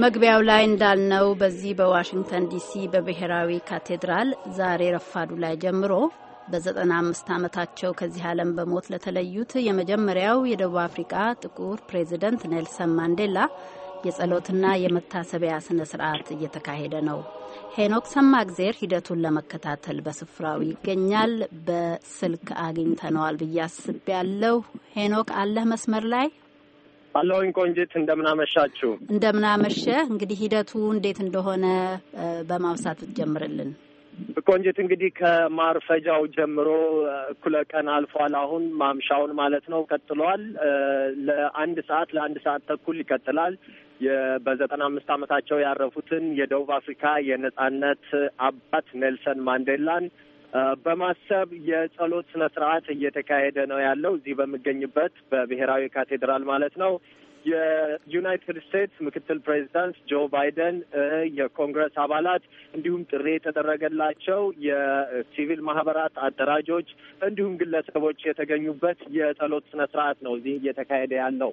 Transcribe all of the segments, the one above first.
መግቢያው ላይ እንዳልነው በዚህ በዋሽንግተን ዲሲ በብሔራዊ ካቴድራል ዛሬ ረፋዱ ላይ ጀምሮ በ95 ዓመታቸው ከዚህ ዓለም በሞት ለተለዩት የመጀመሪያው የደቡብ አፍሪካ ጥቁር ፕሬዚደንት ኔልሰን ማንዴላ የጸሎትና የመታሰቢያ ስነ ስርዓት እየተካሄደ ነው። ሄኖክ ሰማእግዜር ሂደቱን ለመከታተል በስፍራው ይገኛል። በስልክ አግኝተነዋል ብዬ አስቤያለሁ። ሄኖክ አለህ መስመር ላይ? አለሁኝ ቆንጂት፣ እንደምናመሻችሁ። እንደምናመሸ እንግዲህ ሂደቱ እንዴት እንደሆነ በማብሳት ብትጀምርልን ቆንጂት። እንግዲህ ከማርፈጃው ጀምሮ እኩለ ቀን አልፏል። አሁን ማምሻውን ማለት ነው ቀጥሏል። ለአንድ ሰዓት ለአንድ ሰዓት ተኩል ይቀጥላል። በዘጠና አምስት ዓመታቸው ያረፉትን የደቡብ አፍሪካ የነጻነት አባት ኔልሰን ማንዴላን በማሰብ የጸሎት ስነ ስርዓት እየተካሄደ ነው ያለው እዚህ በሚገኝበት በብሔራዊ ካቴድራል ማለት ነው። የዩናይትድ ስቴትስ ምክትል ፕሬዚዳንት ጆ ባይደን፣ የኮንግረስ አባላት እንዲሁም ጥሪ የተደረገላቸው የሲቪል ማህበራት አደራጆች እንዲሁም ግለሰቦች የተገኙበት የጸሎት ስነ ስርዓት ነው እዚህ እየተካሄደ ያለው።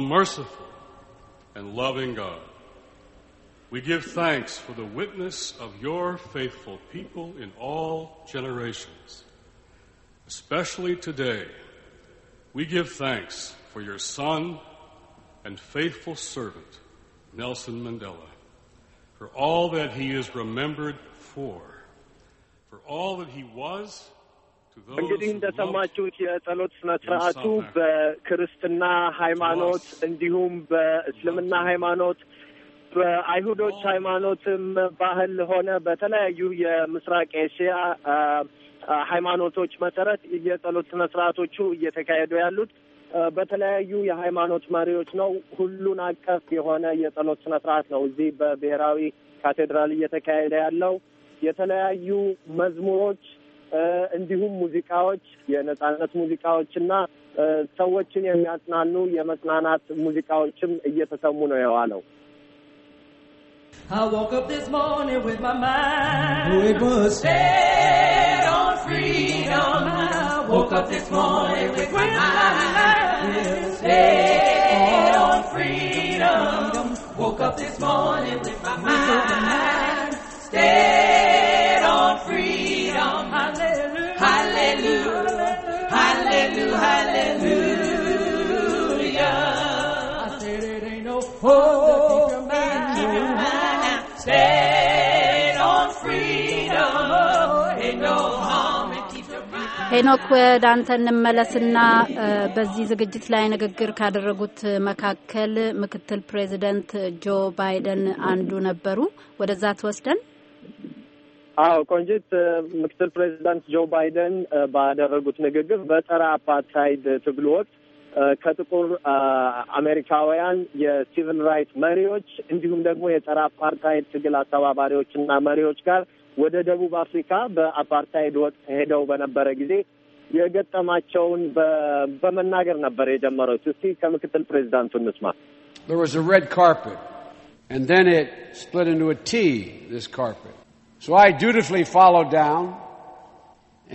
all merciful and loving God, we give thanks for the witness of your faithful people in all generations. Especially today, we give thanks for your son and faithful servant, Nelson Mandela, for all that he is remembered for, for all that he was እንግዲህ እንደሰማችሁት የጸሎት ስነ ስርዓቱ በክርስትና ሃይማኖት እንዲሁም በእስልምና ሃይማኖት በአይሁዶች ሃይማኖትም ባህል ሆነ በተለያዩ የምስራቅ ኤሽያ ሃይማኖቶች መሰረት የጸሎት ስነ ስርዓቶቹ እየተካሄዱ ያሉት በተለያዩ የሃይማኖት መሪዎች ነው። ሁሉን አቀፍ የሆነ የጸሎት ስነ ስርዓት ነው እዚህ በብሔራዊ ካቴድራል እየተካሄደ ያለው። የተለያዩ መዝሙሮች እንዲሁም ሙዚቃዎች፣ የነጻነት ሙዚቃዎች እና ሰዎችን የሚያጽናኑ የመጽናናት ሙዚቃዎችም እየተሰሙ ነው የዋለው። I woke up this morning with my mind. set on freedom. woke up this morning with my mind. Set on freedom. Woke up this morning with my mind. ሄኖክ ወደ አንተ እንመለስና በዚህ ዝግጅት ላይ ንግግር ካደረጉት መካከል ምክትል ፕሬዚደንት ጆ ባይደን አንዱ ነበሩ። ወደዛ ትወስደን። አዎ ቆንጂት፣ ምክትል ፕሬዚዳንት ጆ ባይደን ባደረጉት ንግግር በጸረ አፓርታይድ ትግሉ ወቅት ከጥቁር አሜሪካውያን የሲቪል ራይት መሪዎች እንዲሁም ደግሞ የጸረ አፓርታይድ ትግል አስተባባሪዎች እና መሪዎች ጋር ወደ ደቡብ አፍሪካ በአፓርታይድ ወቅት ሄደው በነበረ ጊዜ የገጠማቸውን በመናገር ነበር የጀመረው። እስቲ ከምክትል ፕሬዚዳንቱ እንስማ። There was a red carpet, and then it split into a T, this carpet. So I dutifully followed down,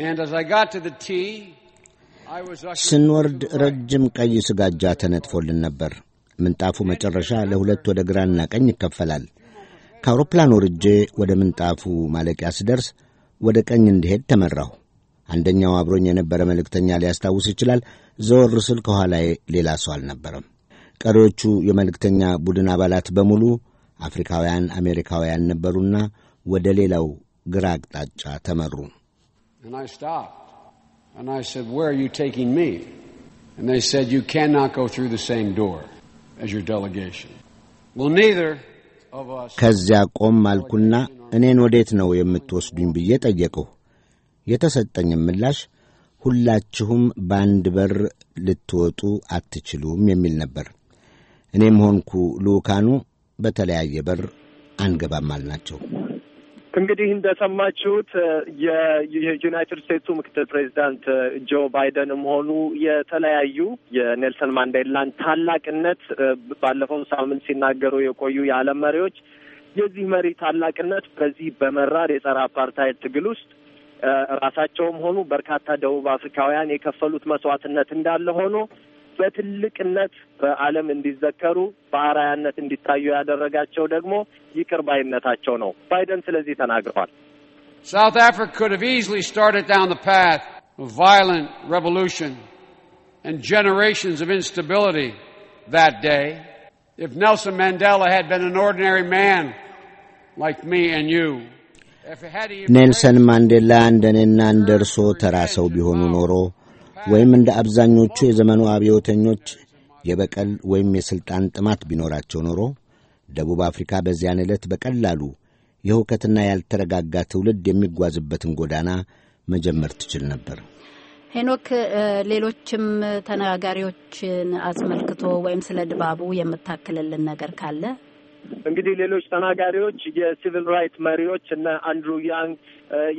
and as I got to the T, I was... ስንወርድ ረጅም ቀይ ስጋጃ ተነጥፎልን ነበር። ምንጣፉ መጨረሻ ለሁለት ወደ ግራና ቀኝ ይከፈላል። ከአውሮፕላን ወርጄ ወደ ምንጣፉ ማለቂያ ስደርስ ወደ ቀኝ እንዲሄድ ተመራሁ። አንደኛው አብሮኝ የነበረ መልእክተኛ ሊያስታውስ ይችላል። ዘወር ስል ከኋላዬ ሌላ ሰው አልነበረም። ቀሪዎቹ የመልእክተኛ ቡድን አባላት በሙሉ አፍሪካውያን አሜሪካውያን ነበሩና ወደ ሌላው ግራ አቅጣጫ ተመሩ። And ከዚያ ቆም አልኩና እኔን ወዴት ነው የምትወስዱኝ ብዬ ጠየቅሁ። የተሰጠኝ ምላሽ ሁላችሁም በአንድ በር ልትወጡ አትችሉም የሚል ነበር። እኔም ሆንኩ ልዑካኑ በተለያየ በር አንገባም አልናቸው። እንግዲህ እንደሰማችሁት የዩናይትድ ስቴትሱ ምክትል ፕሬዚዳንት ጆ ባይደንም ሆኑ የተለያዩ የኔልሰን ማንዴላን ታላቅነት ባለፈው ሳምንት ሲናገሩ የቆዩ የዓለም መሪዎች የዚህ መሪ ታላቅነት በዚህ በመራር የጸረ አፓርታይድ ትግል ውስጥ ራሳቸውም ሆኑ በርካታ ደቡብ አፍሪካውያን የከፈሉት መስዋዕትነት እንዳለ ሆኖ በትልቅነት በዓለም እንዲዘከሩ በአርአያነት እንዲታዩ ያደረጋቸው ደግሞ ይቅር ባይነታቸው ነው። ባይደን ስለዚህ ተናግረዋል። South Africa could have easily started down the path of violent revolution and generations of instability that day if Nelson Mandela had been an ordinary man like me and you. ኔልሰን ማንዴላ እንደኔና እንደ እርሶ ተራ ሰው ቢሆኑ ኖሮ ወይም እንደ አብዛኞቹ የዘመኑ አብዮተኞች የበቀል ወይም የሥልጣን ጥማት ቢኖራቸው ኖሮ ደቡብ አፍሪካ በዚያን ዕለት በቀላሉ የሁከትና ያልተረጋጋ ትውልድ የሚጓዝበትን ጎዳና መጀመር ትችል ነበር። ሄኖክ፣ ሌሎችም ተነጋጋሪዎችን አስመልክቶ ወይም ስለ ድባቡ የምታክልልን ነገር ካለ እንግዲህ ሌሎች ተናጋሪዎች የሲቪል ራይት መሪዎች እነ አንድሩ ያንግ፣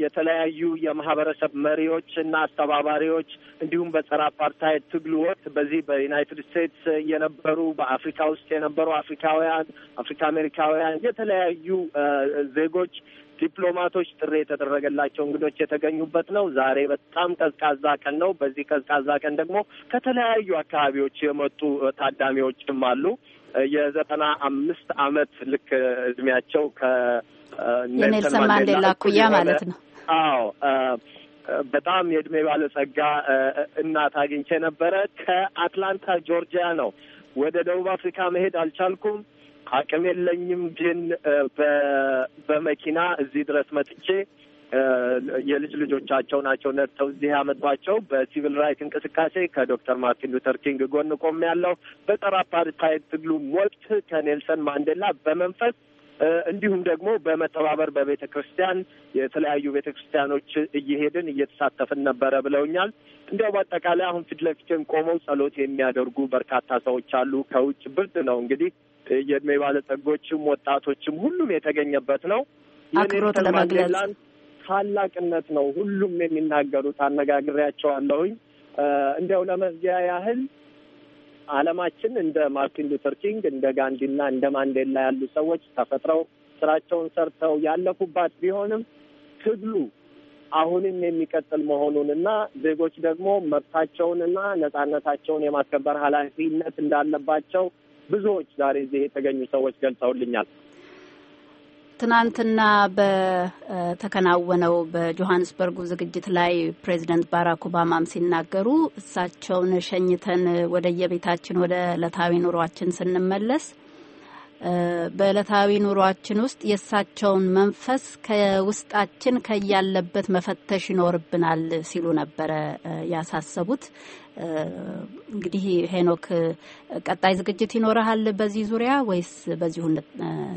የተለያዩ የማህበረሰብ መሪዎች እና አስተባባሪዎች እንዲሁም በጸረ አፓርታይድ ትግሉ ወቅት በዚህ በዩናይትድ ስቴትስ የነበሩ በአፍሪካ ውስጥ የነበሩ አፍሪካውያን፣ አፍሪካ አሜሪካውያን፣ የተለያዩ ዜጎች ዲፕሎማቶች ጥሪ የተደረገላቸው እንግዶች የተገኙበት ነው። ዛሬ በጣም ቀዝቃዛ ቀን ነው። በዚህ ቀዝቃዛ ቀን ደግሞ ከተለያዩ አካባቢዎች የመጡ ታዳሚዎችም አሉ። የዘጠና አምስት አመት ልክ እድሜያቸው ከኔልሰን ማንዴላ ኩያ ማለት ነው። አዎ በጣም የእድሜ ባለጸጋ እናት አግኝቼ ነበረ። ከአትላንታ ጆርጂያ ነው። ወደ ደቡብ አፍሪካ መሄድ አልቻልኩም፣ አቅም የለኝም። ግን በመኪና እዚህ ድረስ መጥቼ የልጅ ልጆቻቸው ናቸው ነጥተው እዚህ ያመጧቸው። በሲቪል ራይት እንቅስቃሴ ከዶክተር ማርቲን ሉተር ኪንግ ጎን ቆም ያለው በጸረ አፓርታይድ ትግሉ ወቅት ከኔልሰን ማንዴላ በመንፈስ እንዲሁም ደግሞ በመተባበር በቤተ ክርስቲያን የተለያዩ ቤተ ክርስቲያኖች እየሄድን እየተሳተፍን ነበረ ብለውኛል። እንዲያው በአጠቃላይ አሁን ፊት ለፊትን ቆመው ጸሎት የሚያደርጉ በርካታ ሰዎች አሉ። ከውጭ ብርድ ነው እንግዲህ የእድሜ ባለጸጎችም ወጣቶችም ሁሉም የተገኘበት ነው። አክብሮት ለመግለጽ ታላቅነት ነው ሁሉም የሚናገሩት። አነጋግሬያቸዋለሁኝ። እንዲያው ለመዝጊያ ያህል አለማችን እንደ ማርቲን ሉተር ኪንግ እንደ ጋንዲና እንደ ማንዴላ ያሉ ሰዎች ተፈጥረው ስራቸውን ሰርተው ያለፉባት ቢሆንም ትግሉ አሁንም የሚቀጥል መሆኑን እና ዜጎች ደግሞ መብታቸውንና ነጻነታቸውን የማስከበር ኃላፊነት እንዳለባቸው ብዙዎች ዛሬ እዚህ የተገኙ ሰዎች ገልጸውልኛል። ትናንትና በተከናወነው በጆሀንስበርጉ ዝግጅት ላይ ፕሬዚደንት ባራክ ኦባማም ሲናገሩ እሳቸውን ሸኝተን ወደ የቤታችን ወደ ዕለታዊ ኑሯችን ስንመለስ በእለታዊ ኑሯችን ውስጥ የእሳቸውን መንፈስ ከውስጣችን ከያለበት መፈተሽ ይኖርብናል ሲሉ ነበረ ያሳሰቡት። እንግዲህ ሄኖክ ቀጣይ ዝግጅት ይኖረሃል በዚህ ዙሪያ ወይስ በዚሁ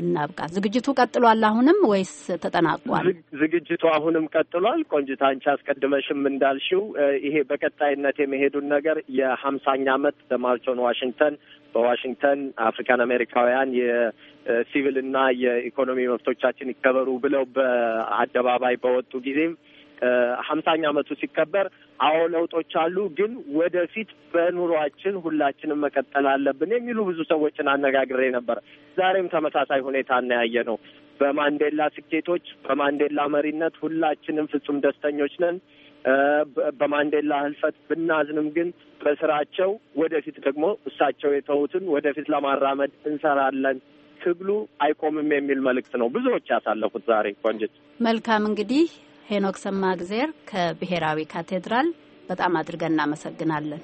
እናብቃ? ዝግጅቱ ቀጥሏል አሁንም ወይስ ተጠናቋል? ዝግጅቱ አሁንም ቀጥሏል። ቆንጅታ፣ አንቺ አስቀድመሽም እንዳልሽው ይሄ በቀጣይነት የመሄዱን ነገር የሀምሳኛ ዓመት በማርቾን ዋሽንግተን በዋሽንግተን አፍሪካን አሜሪካውያን የሲቪልና የኢኮኖሚ መብቶቻችን ይከበሩ ብለው በአደባባይ በወጡ ጊዜም ሀምሳኛ ዓመቱ ሲከበር አዎ ለውጦች አሉ፣ ግን ወደፊት በኑሯችን ሁላችንም መቀጠል አለብን የሚሉ ብዙ ሰዎችን አነጋግሬ ነበር። ዛሬም ተመሳሳይ ሁኔታ እናያየ ነው። በማንዴላ ስኬቶች፣ በማንዴላ መሪነት ሁላችንም ፍጹም ደስተኞች ነን። በማንዴላ ህልፈት ብናዝንም ግን በስራቸው ወደፊት ደግሞ እሳቸው የተዉትን ወደፊት ለማራመድ እንሰራለን። ትግሉ አይቆምም የሚል መልእክት ነው ብዙዎች ያሳለፉት ዛሬ ቆንጅት። መልካም እንግዲህ ሄኖክ ሰማ ከብሔራዊ ካቴድራል በጣም አድርገን እናመሰግናለን።